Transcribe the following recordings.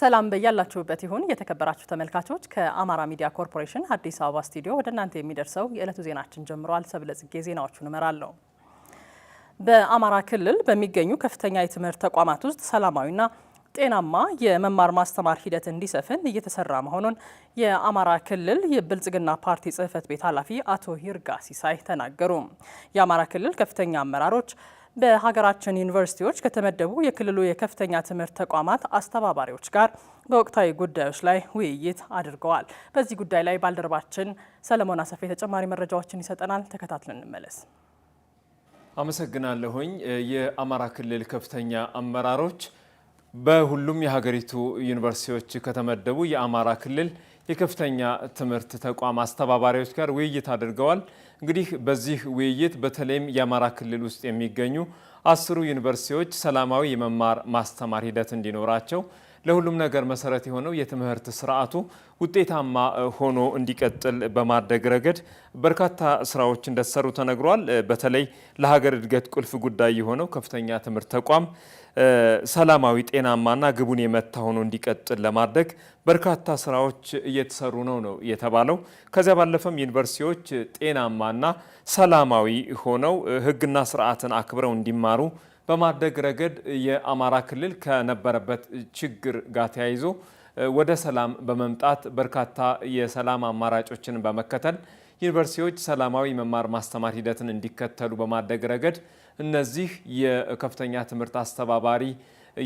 ሰላም በያላችሁበት ይሁን የተከበራችሁ ተመልካቾች። ከአማራ ሚዲያ ኮርፖሬሽን አዲስ አበባ ስቱዲዮ ወደ እናንተ የሚደርሰው የዕለቱ ዜናችን ጀምሯል። ሰብለጽጌ ዜናዎቹን እመራለሁ። በአማራ ክልል በሚገኙ ከፍተኛ የትምህርት ተቋማት ውስጥ ሰላማዊና ጤናማ የመማር ማስተማር ሂደት እንዲሰፍን እየተሰራ መሆኑን የአማራ ክልል የብልጽግና ፓርቲ ጽህፈት ቤት ኃላፊ አቶ ይርጋ ሲሳይ ተናገሩ። የአማራ ክልል ከፍተኛ አመራሮች በሀገራችን ዩኒቨርሲቲዎች ከተመደቡ የክልሉ የከፍተኛ ትምህርት ተቋማት አስተባባሪዎች ጋር በወቅታዊ ጉዳዮች ላይ ውይይት አድርገዋል። በዚህ ጉዳይ ላይ ባልደረባችን ሰለሞን አሰፌ ተጨማሪ መረጃዎችን ይሰጠናል። ተከታትለን እንመለስ። አመሰግናለሁኝ። የአማራ ክልል ከፍተኛ አመራሮች በሁሉም የሀገሪቱ ዩኒቨርሲቲዎች ከተመደቡ የአማራ ክልል የከፍተኛ ትምህርት ተቋም አስተባባሪዎች ጋር ውይይት አድርገዋል። እንግዲህ በዚህ ውይይት በተለይም የአማራ ክልል ውስጥ የሚገኙ አስሩ ዩኒቨርሲቲዎች ሰላማዊ የመማር ማስተማር ሂደት እንዲኖራቸው ለሁሉም ነገር መሰረት የሆነው የትምህርት ስርዓቱ ውጤታማ ሆኖ እንዲቀጥል በማድረግ ረገድ በርካታ ስራዎች እንደተሰሩ ተነግሯል። በተለይ ለሀገር እድገት ቁልፍ ጉዳይ የሆነው ከፍተኛ ትምህርት ተቋም ሰላማዊ፣ ጤናማና ግቡን የመታ ሆኖ እንዲቀጥል ለማድረግ በርካታ ስራዎች እየተሰሩ ነው ነው የተባለው። ከዚያ ባለፈም ዩኒቨርሲቲዎች ጤናማና ሰላማዊ ሆነው ሕግና ስርዓትን አክብረው እንዲማሩ በማድረግ ረገድ የአማራ ክልል ከነበረበት ችግር ጋር ተያይዞ ወደ ሰላም በመምጣት በርካታ የሰላም አማራጮችን በመከተል ዩኒቨርሲቲዎች ሰላማዊ መማር ማስተማር ሂደትን እንዲከተሉ በማድረግ ረገድ እነዚህ የከፍተኛ ትምህርት አስተባባሪ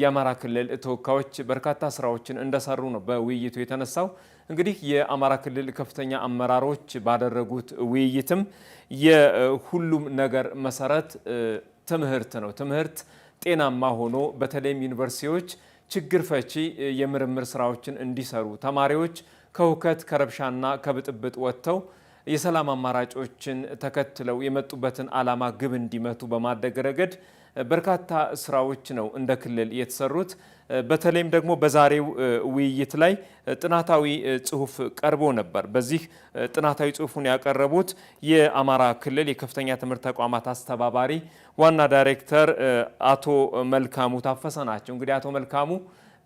የአማራ ክልል ተወካዮች በርካታ ስራዎችን እንደሰሩ ነው በውይይቱ የተነሳው። እንግዲህ የአማራ ክልል ከፍተኛ አመራሮች ባደረጉት ውይይትም የሁሉም ነገር መሰረት ትምህርት ነው። ትምህርት ጤናማ ሆኖ በተለይም ዩኒቨርሲቲዎች ችግር ፈቺ የምርምር ስራዎችን እንዲሰሩ ተማሪዎች ከሁከት ከረብሻና ከብጥብጥ ወጥተው የሰላም አማራጮችን ተከትለው የመጡበትን ዓላማ ግብ እንዲመቱ በማደግ ረገድ በርካታ ስራዎች ነው እንደ ክልል የተሰሩት። በተለይም ደግሞ በዛሬው ውይይት ላይ ጥናታዊ ጽሁፍ ቀርቦ ነበር። በዚህ ጥናታዊ ጽሁፉን ያቀረቡት የአማራ ክልል የከፍተኛ ትምህርት ተቋማት አስተባባሪ ዋና ዳይሬክተር አቶ መልካሙ ታፈሰ ናቸው። እንግዲህ አቶ መልካሙ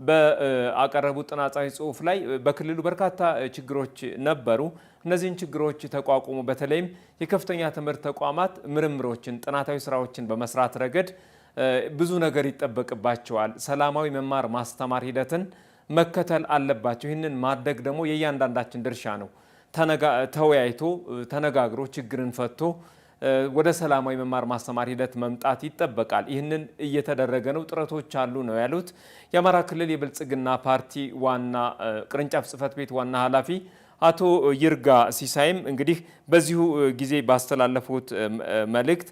በአቀረቡት ጥናታዊ ጽሁፍ ላይ በክልሉ በርካታ ችግሮች ነበሩ። እነዚህን ችግሮች ተቋቁሞ በተለይም የከፍተኛ ትምህርት ተቋማት ምርምሮችን፣ ጥናታዊ ስራዎችን በመስራት ረገድ ብዙ ነገር ይጠበቅባቸዋል። ሰላማዊ መማር ማስተማር ሂደትን መከተል አለባቸው። ይህንን ማድረግ ደግሞ የእያንዳንዳችን ድርሻ ነው። ተወያይቶ ተነጋግሮ ችግርን ፈቶ ወደ ሰላማዊ መማር ማስተማር ሂደት መምጣት ይጠበቃል። ይህንን እየተደረገ ነው፣ ጥረቶች አሉ ነው ያሉት የአማራ ክልል የብልጽግና ፓርቲ ዋና ቅርንጫፍ ጽህፈት ቤት ዋና ኃላፊ አቶ ይርጋ ሲሳይም እንግዲህ በዚሁ ጊዜ ባስተላለፉት መልእክት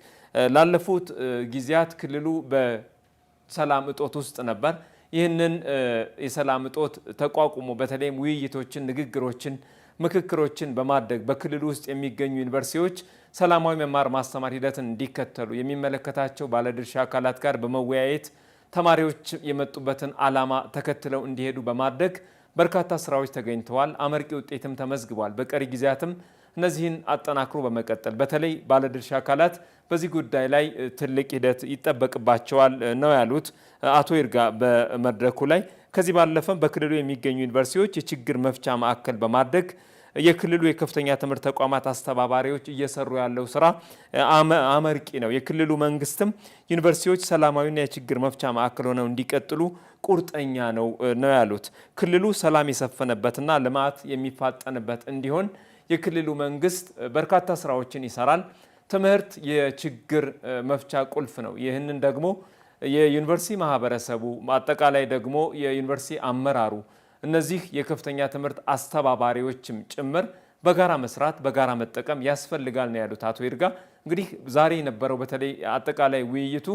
ላለፉት ጊዜያት ክልሉ በሰላም እጦት ውስጥ ነበር። ይህንን የሰላም እጦት ተቋቁሞ በተለይም ውይይቶችን፣ ንግግሮችን ምክክሮችን በማድረግ በክልሉ ውስጥ የሚገኙ ዩኒቨርሲቲዎች ሰላማዊ መማር ማስተማር ሂደትን እንዲከተሉ የሚመለከታቸው ባለድርሻ አካላት ጋር በመወያየት ተማሪዎች የመጡበትን ዓላማ ተከትለው እንዲሄዱ በማድረግ በርካታ ስራዎች ተገኝተዋል። አመርቂ ውጤትም ተመዝግቧል። በቀሪ ጊዜያትም እነዚህን አጠናክሮ በመቀጠል በተለይ ባለድርሻ አካላት በዚህ ጉዳይ ላይ ትልቅ ሂደት ይጠበቅባቸዋል ነው ያሉት አቶ ይርጋ በመድረኩ ላይ ከዚህ ባለፈም በክልሉ የሚገኙ ዩኒቨርሲቲዎች የችግር መፍቻ ማዕከል በማድረግ የክልሉ የከፍተኛ ትምህርት ተቋማት አስተባባሪዎች እየሰሩ ያለው ስራ አመርቂ ነው። የክልሉ መንግስትም ዩኒቨርሲቲዎች ሰላማዊና የችግር መፍቻ ማዕከል ሆነው እንዲቀጥሉ ቁርጠኛ ነው ነው ያሉት። ክልሉ ሰላም የሰፈነበትና ልማት የሚፋጠንበት እንዲሆን የክልሉ መንግስት በርካታ ስራዎችን ይሰራል። ትምህርት የችግር መፍቻ ቁልፍ ነው። ይህንን ደግሞ የዩኒቨርሲቲ ማህበረሰቡ፣ አጠቃላይ ደግሞ የዩኒቨርሲቲ አመራሩ፣ እነዚህ የከፍተኛ ትምህርት አስተባባሪዎችም ጭምር በጋራ መስራት በጋራ መጠቀም ያስፈልጋል ነው ያሉት አቶ ይርጋ። እንግዲህ ዛሬ የነበረው በተለይ አጠቃላይ ውይይቱ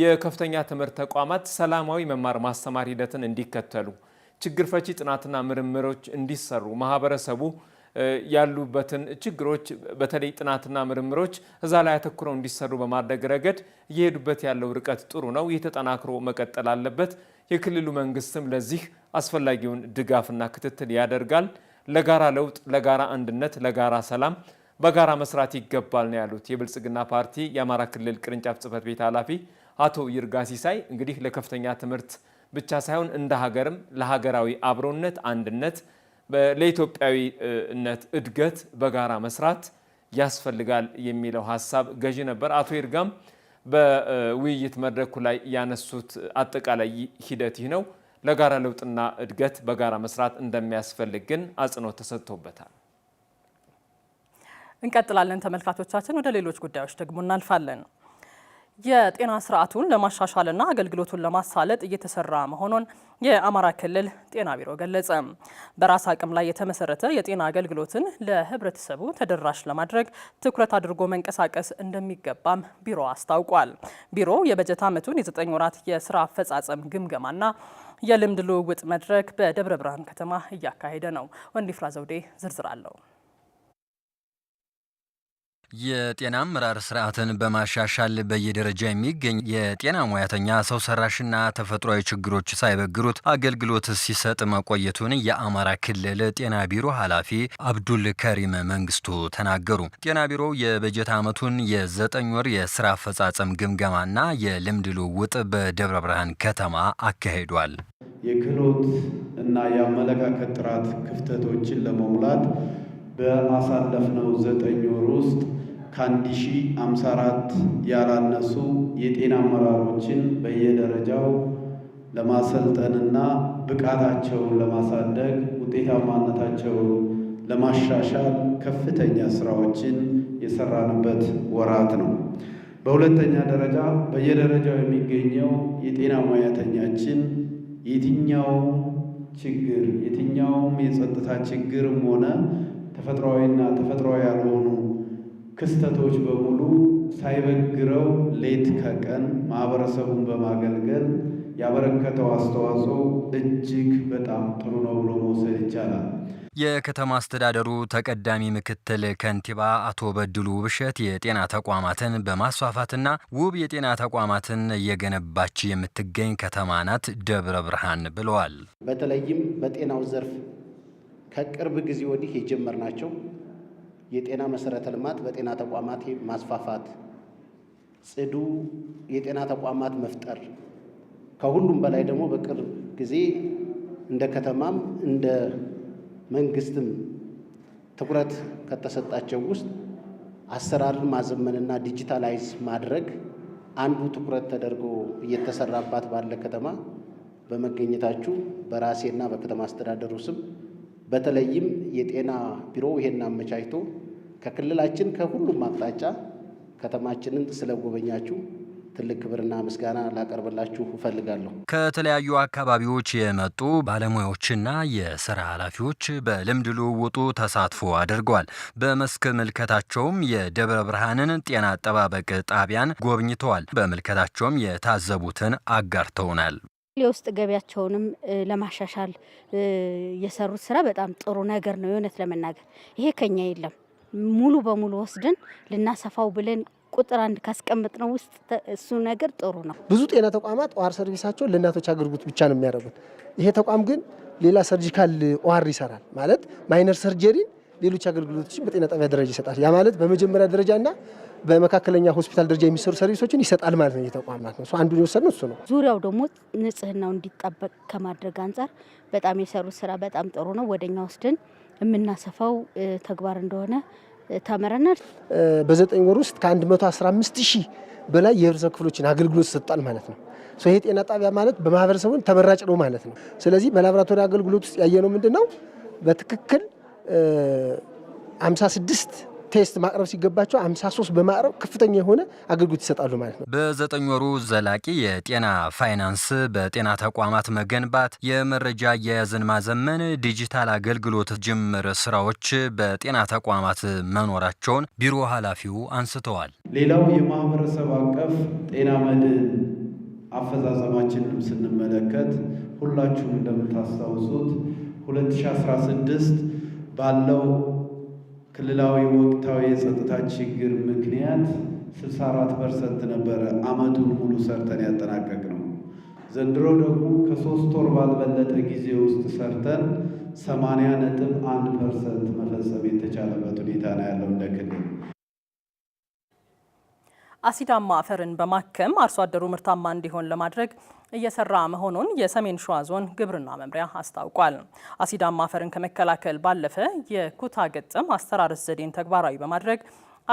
የከፍተኛ ትምህርት ተቋማት ሰላማዊ መማር ማስተማር ሂደትን እንዲከተሉ፣ ችግር ፈቺ ጥናትና ምርምሮች እንዲሰሩ ማህበረሰቡ ያሉበትን ችግሮች በተለይ ጥናትና ምርምሮች እዛ ላይ አተኩረው እንዲሰሩ በማድረግ ረገድ እየሄዱበት ያለው ርቀት ጥሩ ነው። ይህ ተጠናክሮ መቀጠል አለበት። የክልሉ መንግስትም ለዚህ አስፈላጊውን ድጋፍና ክትትል ያደርጋል። ለጋራ ለውጥ፣ ለጋራ አንድነት፣ ለጋራ ሰላም በጋራ መስራት ይገባል ነው ያሉት የብልጽግና ፓርቲ የአማራ ክልል ቅርንጫፍ ጽህፈት ቤት ኃላፊ አቶ ይርጋ ሲሳይ። እንግዲህ ለከፍተኛ ትምህርት ብቻ ሳይሆን እንደ ሀገርም ለሀገራዊ አብሮነት አንድነት ለኢትዮጵያዊነት እድገት በጋራ መስራት ያስፈልጋል የሚለው ሀሳብ ገዢ ነበር። አቶ ይርጋም በውይይት መድረኩ ላይ ያነሱት አጠቃላይ ሂደት ይህ ነው። ለጋራ ለውጥና እድገት በጋራ መስራት እንደሚያስፈልግ ግን አጽንኦት ተሰጥቶበታል። እንቀጥላለን ተመልካቾቻችን። ወደ ሌሎች ጉዳዮች ደግሞ እናልፋለን። የጤና ስርዓቱን ለማሻሻልና አገልግሎቱን ለማሳለጥ እየተሰራ መሆኑን የአማራ ክልል ጤና ቢሮ ገለጸ። በራስ አቅም ላይ የተመሰረተ የጤና አገልግሎትን ለህብረተሰቡ ተደራሽ ለማድረግ ትኩረት አድርጎ መንቀሳቀስ እንደሚገባም ቢሮ አስታውቋል። ቢሮ የበጀት ዓመቱን የዘጠኝ ወራት የስራ አፈጻጸም ግምገማና የልምድ ልውውጥ መድረክ በደብረ ብርሃን ከተማ እያካሄደ ነው። ወንዲፍራ ዘውዴ ዝርዝር አለው። የጤና አመራር ስርዓትን በማሻሻል በየደረጃ የሚገኝ የጤና ሙያተኛ ሰው ሰራሽና ተፈጥሯዊ ችግሮች ሳይበግሩት አገልግሎት ሲሰጥ መቆየቱን የአማራ ክልል ጤና ቢሮ ኃላፊ አብዱል ከሪም መንግስቱ ተናገሩ። ጤና ቢሮው የበጀት ዓመቱን የዘጠኝ ወር የስራ አፈጻጸም ግምገማና የልምድ ልውውጥ በደብረ ብርሃን ከተማ አካሂዷል። የክህሎት እና የአመለካከት ጥራት ክፍተቶችን ለመሙላት በማሳለፍነው ዘጠኝ ወር ውስጥ ካንዲሺ 1054 ያላነሱ የጤና አመራሮችን በየደረጃው ለማሰልጠንና ብቃታቸውን ለማሳደግ ውጤታማነታቸውን ለማሻሻል ከፍተኛ ስራዎችን የሰራንበት ወራት ነው። በሁለተኛ ደረጃ በየደረጃው የሚገኘው የጤና ሙያተኛችን የትኛውም ችግር የትኛውም የጸጥታ ችግርም ሆነ ተፈጥሯዊና ተፈጥሯዊ ያልሆኑ ክስተቶች በሙሉ ሳይበግረው ሌት ከቀን ማህበረሰቡን በማገልገል ያበረከተው አስተዋጽኦ እጅግ በጣም ጥሩ ነው ብሎ መውሰድ ይቻላል። የከተማ አስተዳደሩ ተቀዳሚ ምክትል ከንቲባ አቶ በድሉ ውብሸት የጤና ተቋማትን በማስፋፋትና ውብ የጤና ተቋማትን እየገነባች የምትገኝ ከተማ ናት ደብረ ብርሃን ብለዋል። በተለይም በጤናው ዘርፍ ከቅርብ ጊዜ ወዲህ የጀመርናቸው የጤና መሰረተ ልማት በጤና ተቋማት ማስፋፋት፣ ጽዱ የጤና ተቋማት መፍጠር፣ ከሁሉም በላይ ደግሞ በቅርብ ጊዜ እንደ ከተማም እንደ መንግስትም ትኩረት ከተሰጣቸው ውስጥ አሰራርን ማዘመንና ዲጂታላይዝ ማድረግ አንዱ ትኩረት ተደርጎ እየተሰራባት ባለ ከተማ በመገኘታችሁ በራሴና በከተማ አስተዳደሩ ስም በተለይም የጤና ቢሮ ይሄን አመቻችቶ ከክልላችን ከሁሉም አቅጣጫ ከተማችንን ስለጎበኛችሁ ትልቅ ክብርና ምስጋና ላቀርብላችሁ እፈልጋለሁ። ከተለያዩ አካባቢዎች የመጡ ባለሙያዎችና የስራ ኃላፊዎች በልምድ ልውውጡ ተሳትፎ አድርገዋል። በመስክ ምልከታቸውም የደብረ ብርሃንን ጤና አጠባበቅ ጣቢያን ጎብኝተዋል። በምልከታቸውም የታዘቡትን አጋርተውናል። የውስጥ ገቢያቸውንም ለማሻሻል የሰሩት ስራ በጣም ጥሩ ነገር ነው። የእውነት ለመናገር ይሄ ከኛ የለም ሙሉ በሙሉ ወስደን ልናሰፋው ብለን ቁጥር አንድ ካስቀምጥ ነው ውስጥ እሱ ነገር ጥሩ ነው። ብዙ ጤና ተቋማት ኦር ሰርቪሳቸው ለእናቶች አገልግሎት ብቻ ነው የሚያደርጉት። ይሄ ተቋም ግን ሌላ ሰርጂካል ኦር ይሰራል ማለት ማይነር ሰርጀሪ፣ ሌሎች አገልግሎቶችን በጤና ጣቢያ ደረጃ ይሰጣል። ያ ማለት በመጀመሪያ ደረጃ ና በመካከለኛ ሆስፒታል ደረጃ የሚሰሩ ሰርቪሶችን ይሰጣል ማለት ነው። የተቋም ማለት ነው። አንዱን ነው እሱ ነው። ዙሪያው ደግሞ ንጽህናው እንዲጠበቅ ከማድረግ አንጻር በጣም የሰሩት ስራ በጣም ጥሩ ነው። ወደኛ ወስደን የምናሰፋው ተግባር እንደሆነ ተምረናል። በዘጠኝ ወር ውስጥ ከ115 ሺህ በላይ የህብረተሰብ ክፍሎችን አገልግሎት ይሰጣል ማለት ነው። ይሄ ጤና ጣቢያ ማለት በማህበረሰቡን ተመራጭ ነው ማለት ነው። ስለዚህ በላቦራቶሪ አገልግሎት ውስጥ ያየነው ምንድን ነው በትክክል 56 ቴስት ማቅረብ ሲገባቸው 53 በማቅረብ ከፍተኛ የሆነ አገልግሎት ይሰጣሉ ማለት ነው። በዘጠኝ ወሩ ዘላቂ የጤና ፋይናንስ በጤና ተቋማት መገንባት፣ የመረጃ አያያዝን ማዘመን፣ ዲጂታል አገልግሎት ጅምር ስራዎች በጤና ተቋማት መኖራቸውን ቢሮ ኃላፊው አንስተዋል። ሌላው የማህበረሰብ አቀፍ ጤና መድን አፈጻጸማችንንም ስንመለከት ሁላችሁም እንደምታስታውሱት 2016 ባለው ክልላዊ ወቅታዊ የጸጥታ ችግር ምክንያት 64 ፐርሰንት ነበረ አመቱን ሙሉ ሰርተን ያጠናቀቅ ነው። ዘንድሮ ደግሞ ከሶስት ወር ባልበለጠ ጊዜ ውስጥ ሰርተን 80 ነጥብ 1 አሲዳማ አፈርን በማከም አርሶ አደሩ ምርታማ እንዲሆን ለማድረግ እየሰራ መሆኑን የሰሜን ሸዋ ዞን ግብርና መምሪያ አስታውቋል። አሲዳማ አፈርን ከመከላከል ባለፈ የኩታ ገጠም አስተራረስ ዘዴን ተግባራዊ በማድረግ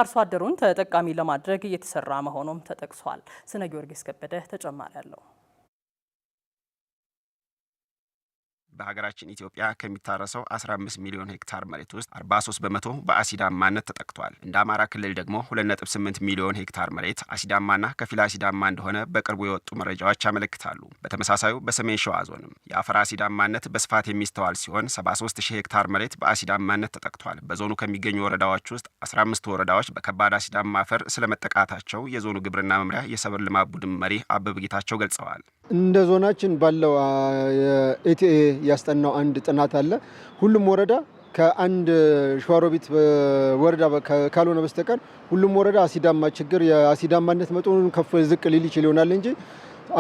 አርሶ አደሩን ተጠቃሚ ለማድረግ እየተሰራ መሆኑም ተጠቅሷል። ስነ ጊዮርጊስ ከበደ ተጨማሪ አለው። በሀገራችን ኢትዮጵያ ከሚታረሰው 15 ሚሊዮን ሄክታር መሬት ውስጥ 43 በመቶ በአሲዳማነት ተጠቅቷል። እንደ አማራ ክልል ደግሞ 2.8 ሚሊዮን ሄክታር መሬት አሲዳማና ከፊል አሲዳማ እንደሆነ በቅርቡ የወጡ መረጃዎች ያመለክታሉ። በተመሳሳዩ በሰሜን ሸዋ ዞንም የአፈር አሲዳማነት በስፋት የሚስተዋል ሲሆን 73000 ሄክታር መሬት በአሲዳማነት ተጠቅቷል። በዞኑ ከሚገኙ ወረዳዎች ውስጥ 15 ወረዳዎች በከባድ አሲዳማ አፈር ስለመጠቃታቸው የዞኑ ግብርና መምሪያ የሰብል ልማት ቡድን መሪ አበብ ጌታቸው ገልጸዋል። እንደ ዞናችን ባለው ኤቲኤ ያስጠናው አንድ ጥናት አለ። ሁሉም ወረዳ ከአንድ ሸዋሮቢት ወረዳ ካልሆነ በስተቀር ሁሉም ወረዳ አሲዳማ ችግር የአሲዳማነት መጠኑን ከፍ ዝቅ ሊል ይችል ይሆናል እንጂ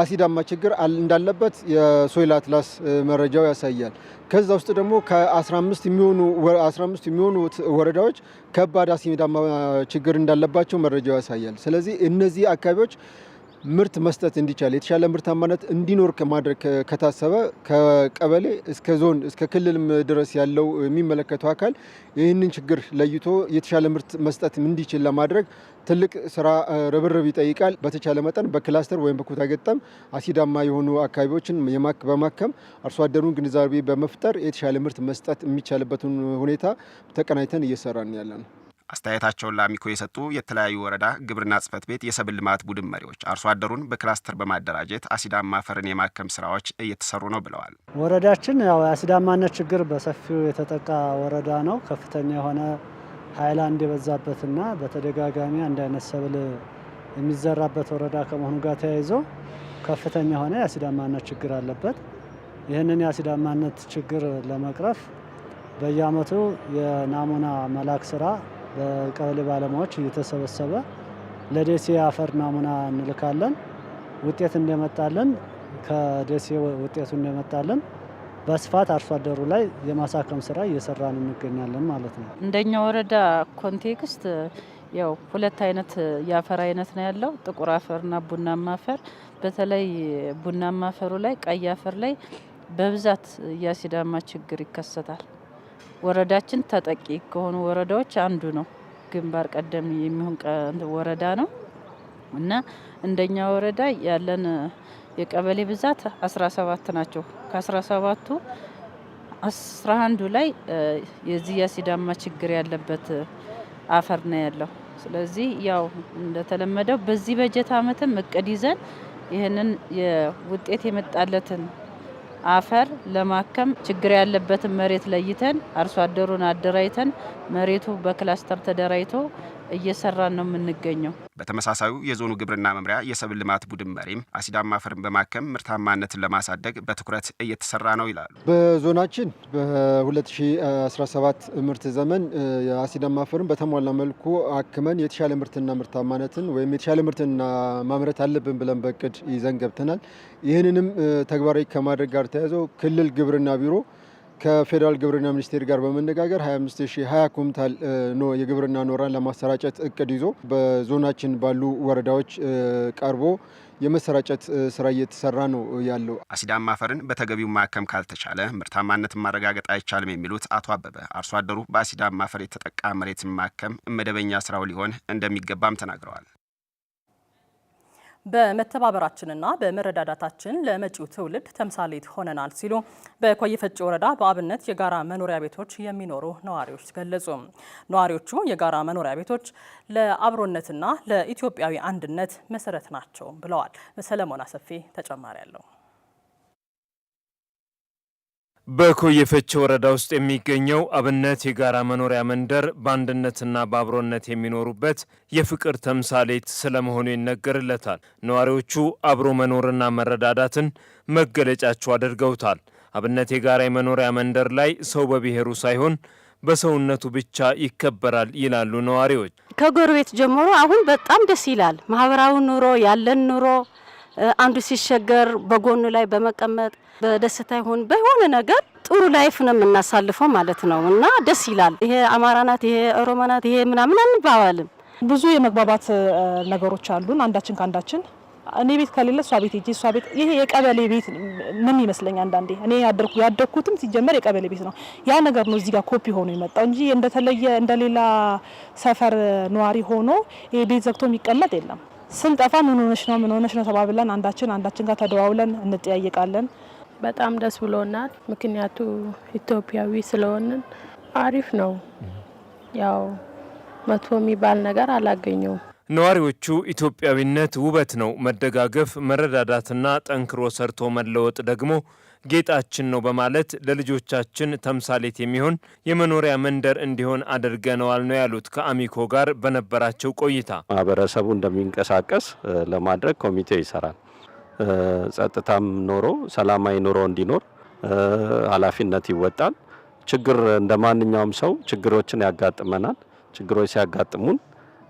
አሲዳማ ችግር እንዳለበት የሶይል አትላስ መረጃው ያሳያል። ከዛ ውስጥ ደግሞ ከ15 የሚሆኑ 15 የሚሆኑ ወረዳዎች ከባድ አሲዳማ ችግር እንዳለባቸው መረጃው ያሳያል። ስለዚህ እነዚህ አካባቢዎች ምርት መስጠት እንዲቻል የተሻለ ምርታማነት እንዲኖር ከማድረግ ከታሰበ ከቀበሌ እስከ ዞን እስከ ክልልም ድረስ ያለው የሚመለከተው አካል ይህንን ችግር ለይቶ የተሻለ ምርት መስጠት እንዲችል ለማድረግ ትልቅ ስራ ርብርብ ይጠይቃል። በተቻለ መጠን በክላስተር ወይም በኩታ ገጠም አሲዳማ የሆኑ አካባቢዎችን በማከም አርሶ አደሩን ግንዛቤ በመፍጠር የተሻለ ምርት መስጠት የሚቻልበትን ሁኔታ ተቀናይተን እየሰራን ያለ ነው። አስተያየታቸውን ለአሚኮ የሰጡ የተለያዩ ወረዳ ግብርና ጽህፈት ቤት የሰብል ልማት ቡድን መሪዎች አርሶ አደሩን በክላስተር በማደራጀት አሲዳማ አፈርን የማከም ስራዎች እየተሰሩ ነው ብለዋል። ወረዳችን ያው የአሲዳማነት ችግር በሰፊው የተጠቃ ወረዳ ነው። ከፍተኛ የሆነ ሀይላንድ የበዛበትና በተደጋጋሚ አንድ አይነት ሰብል የሚዘራበት ወረዳ ከመሆኑ ጋር ተያይዞ ከፍተኛ የሆነ የአሲዳማነት ችግር አለበት። ይህንን የአሲዳማነት ችግር ለመቅረፍ በየአመቱ የናሙና መላክ ስራ በቀበሌ ባለሙያዎች እየተሰበሰበ ለደሴ አፈር ናሙና እንልካለን። ውጤት እንደመጣለን ከደሴ ውጤቱ እንደመጣለን በስፋት አርሶ አደሩ ላይ የማሳከም ስራ እየሰራን እንገኛለን ማለት ነው። እንደኛ ወረዳ ኮንቴክስት ያው ሁለት አይነት የአፈር አይነት ነው ያለው፣ ጥቁር አፈርና ቡናማ አፈር። በተለይ ቡናማ አፈሩ ላይ ቀይ አፈር ላይ በብዛት የአሲዳማ ችግር ይከሰታል። ወረዳችን ተጠቂ ከሆኑ ወረዳዎች አንዱ ነው። ግንባር ቀደም የሚሆን ወረዳ ነው እና እንደኛ ወረዳ ያለን የቀበሌ ብዛት 17 ናቸው። ከ17ቱ 11ዱ ላይ የዚህ የአሲዳማ ችግር ያለበት አፈር ነው ያለው። ስለዚህ ያው እንደተለመደው በዚህ በጀት አመትም እቅድ ይዘን ይህንን የውጤት የመጣለትን አፈር ለማከም ችግር ያለበትን መሬት ለይተን አርሶ አደሩን አደራጅተን መሬቱ በክላስተር ተደራጅቶ እየሰራን ነው የምንገኘው። በተመሳሳዩ የዞኑ ግብርና መምሪያ የሰብል ልማት ቡድን መሪም አሲዳማ አፈርን በማከም ምርታማነትን ለማሳደግ በትኩረት እየተሰራ ነው ይላሉ። በዞናችን በ2017 ምርት ዘመን የአሲዳማ አፈርን በተሟላ መልኩ አክመን የተሻለ ምርትና ምርታማነትን ወይም የተሻለ ምርትና ማምረት አለብን ብለን በእቅድ ይዘን ገብተናል። ይህንንም ተግባራዊ ከማድረግ ጋር ተያይዘው ክልል ግብርና ቢሮ ከፌዴራል ግብርና ሚኒስቴር ጋር በመነጋገር 250 ኩንታል የግብርና ኖራን ለማሰራጨት እቅድ ይዞ በዞናችን ባሉ ወረዳዎች ቀርቦ የመሰራጨት ስራ እየተሰራ ነው ያለው። አሲዳማ አፈርን በተገቢው ማከም ካልተቻለ ምርታማነትን ማረጋገጥ አይቻልም የሚሉት አቶ አበበ አርሶ አደሩ በአሲዳማ አፈር የተጠቃ መሬትን ማከም መደበኛ ስራው ሊሆን እንደሚገባም ተናግረዋል። በመተባበራችንና በመረዳዳታችን ለመጪው ትውልድ ተምሳሌት ሆነናል ሲሉ በኮይፈጭ ወረዳ በአብነት የጋራ መኖሪያ ቤቶች የሚኖሩ ነዋሪዎች ገለጹ። ነዋሪዎቹ የጋራ መኖሪያ ቤቶች ለአብሮነትና ለኢትዮጵያዊ አንድነት መሰረት ናቸው ብለዋል። ሰለሞን አሰፌ ተጨማሪ አለው። በኮየ ፈቼ ወረዳ ውስጥ የሚገኘው አብነት የጋራ መኖሪያ መንደር በአንድነትና በአብሮነት የሚኖሩበት የፍቅር ተምሳሌት ስለመሆኑ ይነገርለታል። ነዋሪዎቹ አብሮ መኖርና መረዳዳትን መገለጫቸው አድርገውታል። አብነት የጋራ የመኖሪያ መንደር ላይ ሰው በብሔሩ ሳይሆን በሰውነቱ ብቻ ይከበራል ይላሉ ነዋሪዎች። ከጎረቤት ጀምሮ አሁን በጣም ደስ ይላል። ማህበራዊ ኑሮ ያለን ኑሮ አንዱ ሲሸገር በጎኑ ላይ በመቀመጥ በደስታ ይሁን በሆነ ነገር ጥሩ ላይፍ ነው የምናሳልፈው ማለት ነው እና ደስ ይላል። ይሄ አማራናት ይሄ ኦሮማናት ይሄ ምናምን አንባባልም። ብዙ የመግባባት ነገሮች አሉን አንዳችን ከአንዳችን እኔ ቤት ከሌለ እሷ ቤት ሄጄ እሷ ቤት ይሄ የቀበሌ ቤት ምን ይመስለኝ አንዳንዴ እኔ ያደርኩ ያደኩትም ሲጀመር የቀበሌ ቤት ነው። ያ ነገር ነው እዚህ ጋር ኮፒ ሆኖ የመጣው እንጂ እንደተለየ እንደሌላ ሰፈር ነዋሪ ሆኖ ይሄ ቤት ዘግቶ የሚቀመጥ የለም። ስንጠፋ ምን ሆነሽ ነው ምን ሆነሽ ነው ተባብለን አንዳችን አንዳችን ጋር ተደዋውለን እንጠያየቃለን። በጣም ደስ ብሎናል። ምክንያቱ ኢትዮጵያዊ ስለሆንን አሪፍ ነው። ያው መቶ የሚባል ነገር አላገኘውም። ነዋሪዎቹ ኢትዮጵያዊነት ውበት ነው፣ መደጋገፍ፣ መረዳዳትና ጠንክሮ ሰርቶ መለወጥ ደግሞ ጌጣችን ነው በማለት ለልጆቻችን ተምሳሌት የሚሆን የመኖሪያ መንደር እንዲሆን አድርገነዋል ነው ያሉት። ከአሚኮ ጋር በነበራቸው ቆይታ ማህበረሰቡ እንደሚንቀሳቀስ ለማድረግ ኮሚቴ ይሰራል። ጸጥታም ኖሮ ሰላማዊ ኑሮ እንዲኖር ኃላፊነት ይወጣል። ችግር እንደ ማንኛውም ሰው ችግሮችን ያጋጥመናል። ችግሮች ሲያጋጥሙን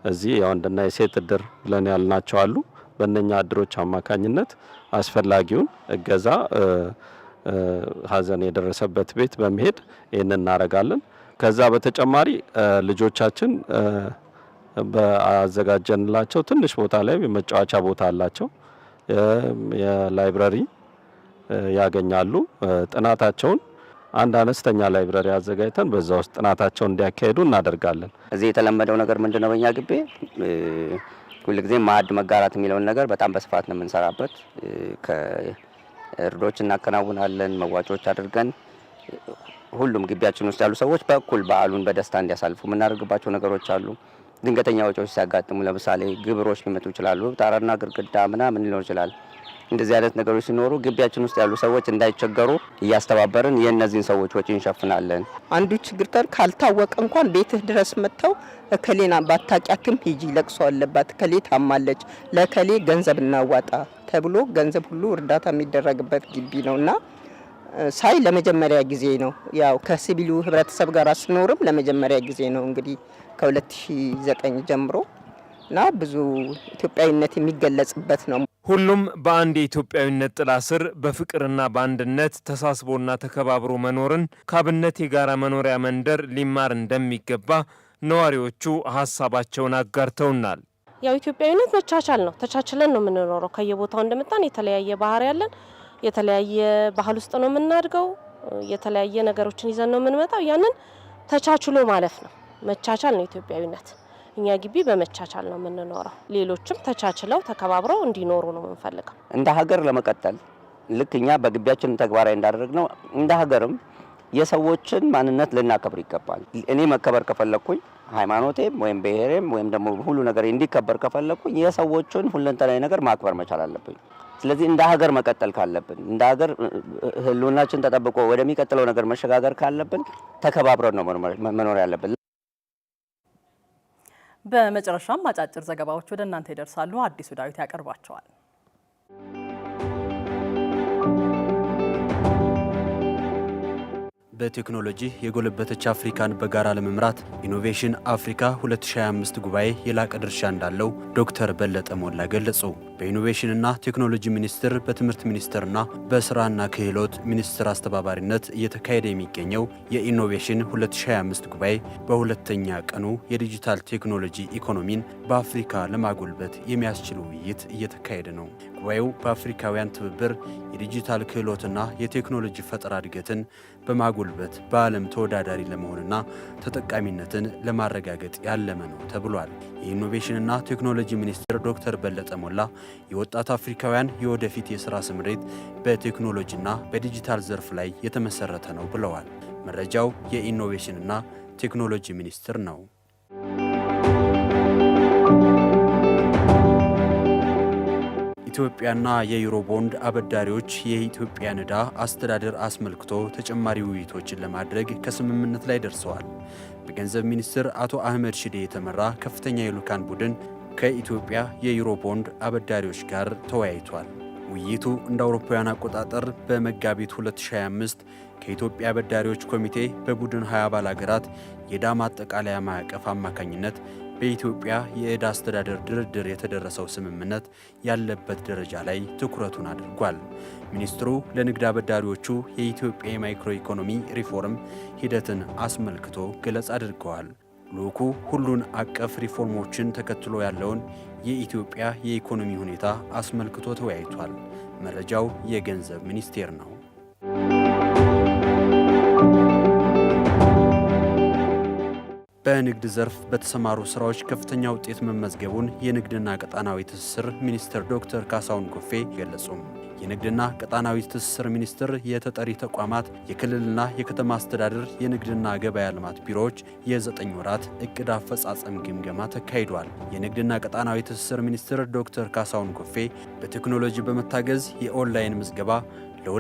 እዚህ የወንድና የሴት እድር ብለን ያልናቸው አሉ። በእነኛ እድሮች አማካኝነት አስፈላጊውን እገዛ ሀዘን የደረሰበት ቤት በመሄድ ይህን እናደርጋለን። ከዛ በተጨማሪ ልጆቻችን በአዘጋጀንላቸው ትንሽ ቦታ ላይ የመጫወቻ ቦታ አላቸው። የላይብረሪ ያገኛሉ። ጥናታቸውን አንድ አነስተኛ ላይብረሪ አዘጋጅተን በዛ ውስጥ ጥናታቸውን እንዲያካሄዱ እናደርጋለን። እዚህ የተለመደው ነገር ምንድን ነው? በእኛ ግቢ ሁልጊዜ ማዕድ መጋራት የሚለውን ነገር በጣም በስፋት ነው የምንሰራበት። እርዶች እናከናውናለን፣ መዋጮዎች አድርገን ሁሉም ግቢያችን ውስጥ ያሉ ሰዎች በእኩል በዓሉን በደስታ እንዲያሳልፉ የምናደርግባቸው ነገሮች አሉ። ድንገተኛ ወጪዎች ሲያጋጥሙ ለምሳሌ ግብሮች ሊመጡ ይችላሉ። ጣራና ግድግዳ ምናምን ሊኖር ይችላል። እንደዚህ አይነት ነገሮች ሲኖሩ ግቢያችን ውስጥ ያሉ ሰዎች እንዳይቸገሩ እያስተባበርን የእነዚህን ሰዎች ወጪ እንሸፍናለን። አንዱ ችግር ካልታወቀ እንኳን ቤትህ ድረስ መጥተው እከሌና ባታቂያትም ሂጂ ለቅሶ አለባት እከሌ ታማለች፣ ለእከሌ ገንዘብ እናዋጣ ተብሎ ገንዘብ ሁሉ እርዳታ የሚደረግበት ግቢ ነው እና ሳይ ለመጀመሪያ ጊዜ ነው። ያው ከሲቪሉ ህብረተሰብ ጋር ስኖርም ለመጀመሪያ ጊዜ ነው እንግዲህ ከ2009 ጀምሮ እና ብዙ ኢትዮጵያዊነት የሚገለጽበት ነው። ሁሉም በአንድ የኢትዮጵያዊነት ጥላ ስር በፍቅርና በአንድነት ተሳስቦና ተከባብሮ መኖርን ከአብነት የጋራ መኖሪያ መንደር ሊማር እንደሚገባ ነዋሪዎቹ ሀሳባቸውን አጋርተውናል። ያው ኢትዮጵያዊነት መቻቻል ነው። ተቻችለን ነው የምንኖረው። ከየቦታው እንደመጣን የተለያየ ባህሪ ያለን፣ የተለያየ ባህል ውስጥ ነው የምናድገው፣ የተለያየ ነገሮችን ይዘን ነው የምንመጣው። ያንን ተቻችሎ ማለፍ ነው። መቻቻል ነው ኢትዮጵያዊነት። እኛ ግቢ በመቻቻል ነው የምንኖረው። ሌሎችም ተቻችለው ተከባብረው እንዲኖሩ ነው የምንፈልገው እንደ ሀገር ለመቀጠል። ልክ እኛ በግቢያችን ተግባራዊ እንዳደረግ ነው እንደ ሀገርም የሰዎችን ማንነት ልናከብር ይገባል። እኔ መከበር ከፈለግኩኝ ሃይማኖቴም ወይም ብሔሬም ወይም ደግሞ ሁሉ ነገር እንዲከበር ከፈለግኩኝ የሰዎችን ሁለንተናዊ ነገር ማክበር መቻል አለብኝ። ስለዚህ እንደ ሀገር መቀጠል ካለብን እንደ ሀገር ህልውናችን ተጠብቆ ወደሚቀጥለው ነገር መሸጋገር ካለብን ተከባብረን ነው መኖር ያለብን። በመጨረሻም አጫጭር ዘገባዎች ወደ እናንተ ይደርሳሉ። አዲሱ ዳዊት ያቀርባቸዋል። በቴክኖሎጂ የጎለበተች አፍሪካን በጋራ ለመምራት ኢኖቬሽን አፍሪካ 2025 ጉባኤ የላቀ ድርሻ እንዳለው ዶክተር በለጠ ሞላ ገለጹ። በኢኖቬሽንና ቴክኖሎጂ ሚኒስቴር በትምህርት ሚኒስቴርና በስራና ክህሎት ሚኒስቴር አስተባባሪነት እየተካሄደ የሚገኘው የኢኖቬሽን 2025 ጉባኤ በሁለተኛ ቀኑ የዲጂታል ቴክኖሎጂ ኢኮኖሚን በአፍሪካ ለማጎልበት የሚያስችል ውይይት እየተካሄደ ነው። ጉባኤው በአፍሪካውያን ትብብር የዲጂታል ክህሎትና የቴክኖሎጂ ፈጠራ እድገትን በማጎልበት በዓለም ተወዳዳሪ ለመሆንና ተጠቃሚነትን ለማረጋገጥ ያለመ ነው ተብሏል። የኢኖቬሽንና ቴክኖሎጂ ሚኒስትር ዶክተር በለጠ ሞላ የወጣት አፍሪካውያን የወደፊት የሥራ ስምሬት በቴክኖሎጂና በዲጂታል ዘርፍ ላይ የተመሰረተ ነው ብለዋል። መረጃው የኢኖቬሽንና ቴክኖሎጂ ሚኒስቴር ነው። የኢትዮጵያና የዩሮ ቦንድ አበዳሪዎች የኢትዮጵያን ዕዳ አስተዳደር አስመልክቶ ተጨማሪ ውይይቶችን ለማድረግ ከስምምነት ላይ ደርሰዋል። በገንዘብ ሚኒስትር አቶ አህመድ ሽዴ የተመራ ከፍተኛ የልዑካን ቡድን ከኢትዮጵያ የዩሮ ቦንድ አበዳሪዎች ጋር ተወያይቷል። ውይይቱ እንደ አውሮፓውያን አቆጣጠር በመጋቢት 2025 ከኢትዮጵያ አበዳሪዎች ኮሚቴ በቡድን 20 አባል አገራት የዳማ አጠቃላይ ማዕቀፍ አማካኝነት በኢትዮጵያ የዕዳ አስተዳደር ድርድር የተደረሰው ስምምነት ያለበት ደረጃ ላይ ትኩረቱን አድርጓል። ሚኒስትሩ ለንግድ አበዳሪዎቹ የኢትዮጵያ የማይክሮ ኢኮኖሚ ሪፎርም ሂደትን አስመልክቶ ገለጽ አድርገዋል። ልዑኩ ሁሉን አቀፍ ሪፎርሞችን ተከትሎ ያለውን የኢትዮጵያ የኢኮኖሚ ሁኔታ አስመልክቶ ተወያይቷል። መረጃው የገንዘብ ሚኒስቴር ነው። በንግድ ዘርፍ በተሰማሩ ስራዎች ከፍተኛ ውጤት መመዝገቡን የንግድና ቀጣናዊ ትስስር ሚኒስትር ዶክተር ካሳሁን ጎፌ ገለጹ። የንግድና ቀጣናዊ ትስስር ሚኒስቴር የተጠሪ ተቋማት፣ የክልልና የከተማ አስተዳደር የንግድና ገበያ ልማት ቢሮዎች የዘጠኝ ወራት እቅድ አፈጻጸም ግምገማ ተካሂዷል። የንግድና ቀጣናዊ ትስስር ሚኒስትር ዶክተር ካሳሁን ጎፌ በቴክኖሎጂ በመታገዝ የኦንላይን ምዝገባ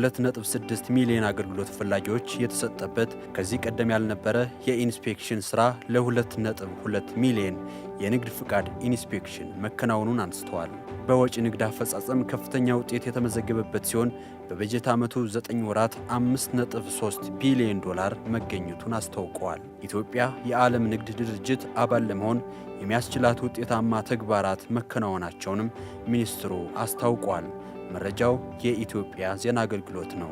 ለ2.6 ሚሊዮን አገልግሎት ፈላጊዎች የተሰጠበት ከዚህ ቀደም ያልነበረ የኢንስፔክሽን ስራ ለ2.2 ሚሊዮን የንግድ ፍቃድ ኢንስፔክሽን መከናወኑን አንስተዋል። በወጪ ንግድ አፈጻጸም ከፍተኛ ውጤት የተመዘገበበት ሲሆን በበጀት ዓመቱ 9 ወራት 5.3 ቢሊዮን ዶላር መገኘቱን አስታውቀዋል። ኢትዮጵያ የዓለም ንግድ ድርጅት አባል ለመሆን የሚያስችላት ውጤታማ ተግባራት መከናወናቸውንም ሚኒስትሩ አስታውቋል። መረጃው የኢትዮጵያ ዜና አገልግሎት ነው።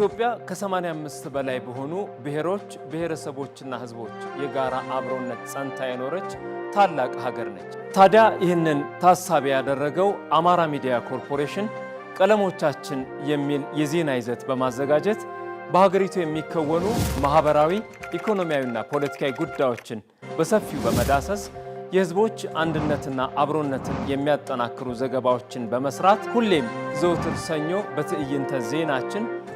ኢትዮጵያ ከ85 በላይ በሆኑ ብሔሮች፣ ብሔረሰቦችና ሕዝቦች የጋራ አብሮነት ጸንታ የኖረች ታላቅ ሀገር ነች። ታዲያ ይህንን ታሳቢ ያደረገው አማራ ሚዲያ ኮርፖሬሽን ቀለሞቻችን የሚል የዜና ይዘት በማዘጋጀት በሀገሪቱ የሚከወኑ ማህበራዊ፣ ኢኮኖሚያዊና ፖለቲካዊ ጉዳዮችን በሰፊው በመዳሰስ የህዝቦች አንድነትና አብሮነትን የሚያጠናክሩ ዘገባዎችን በመስራት ሁሌም ዘውትር ሰኞ በትዕይንተ ዜናችን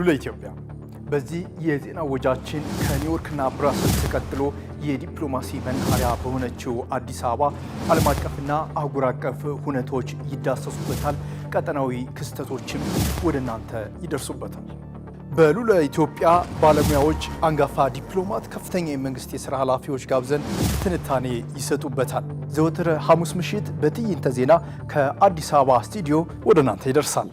ሉላ ኢትዮጵያ በዚህ የዜና ወጃችን ከኒውዮርክና ብራስልስ ተቀጥሎ የዲፕሎማሲ መናኸሪያ በሆነችው አዲስ አበባ ዓለም አቀፍና አህጉር አቀፍ ሁነቶች ይዳሰሱበታል። ቀጠናዊ ክስተቶችም ወደ እናንተ ይደርሱበታል። በሉላ ኢትዮጵያ ባለሙያዎች፣ አንጋፋ ዲፕሎማት፣ ከፍተኛ የመንግስት የሥራ ኃላፊዎች ጋብዘን ትንታኔ ይሰጡበታል። ዘወትር ሐሙስ ምሽት በትዕይንተ ዜና ከአዲስ አበባ ስቱዲዮ ወደ እናንተ ይደርሳል።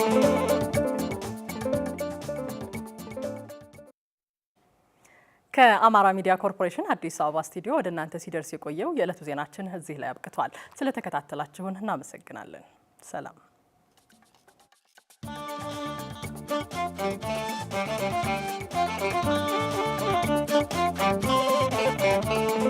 ከአማራ ሚዲያ ኮርፖሬሽን አዲስ አበባ ስቱዲዮ ወደ እናንተ ሲደርስ የቆየው የዕለቱ ዜናችን እዚህ ላይ አብቅቷል። ስለተከታተላችሁን እናመሰግናለን። ሰላም